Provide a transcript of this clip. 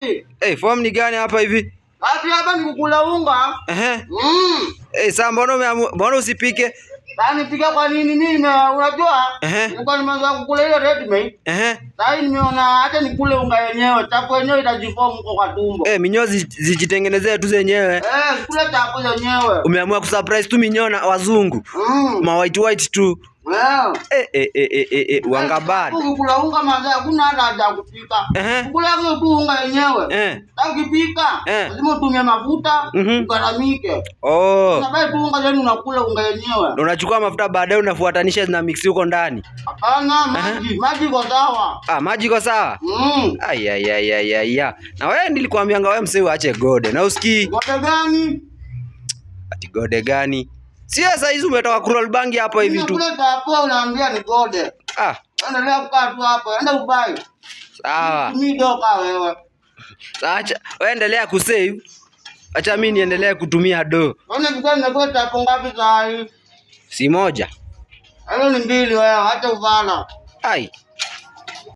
Hey, fomu ni gani hapa hivi? Basi hapa ni kukula unga. Eh. Mm. Hey, sasa mbona mbona usipike? Bani pika kwa nini mimi na unajua? Eh. Nilikuwa nimeanza kukula ile red meat. Eh. Sasa nimeona hata nikule unga yenyewe, chapo yenyewe itajiform huko kwa tumbo. Eh, minyo zijitengenezee tu zenyewe. Eh, kula chapo yenyewe. Umeamua kusurprise tu minyo na wazungu. Mm. Ma white white tu. Eh, eh, eh, unga eh, eh, eh, manza hakuna hata haja kupika. Kukula hiyo tu unga yenyewe. Ukipika, lazima utumie mafuta, mhm. ukaramike. Oh. Sababu tu unga yani unakula unga yenyewe. unachukua mafuta baadaye unafuatanisha na mix huko ndani. Hapana, maji, maji iko sawa. Ah, maji iko sawa. Mm. Ai ai ai ai ai. Na wewe nilikwambia anga wewe msee uache gode. Na usikii. Gode gani? Ati gode gani? Sio saa hizi umetoka kuroll bangi hapo hivi tu. Unaambia ni gode. Ah. Endelea kukaa tu hapo. Enda ubai. Sawa. Mimi wewe. Acha wewe endelea kusave. Acha mimi niendelee kutumia do. ngapi hii? Si moja. ni mbili wewe, hata uvala. Ai.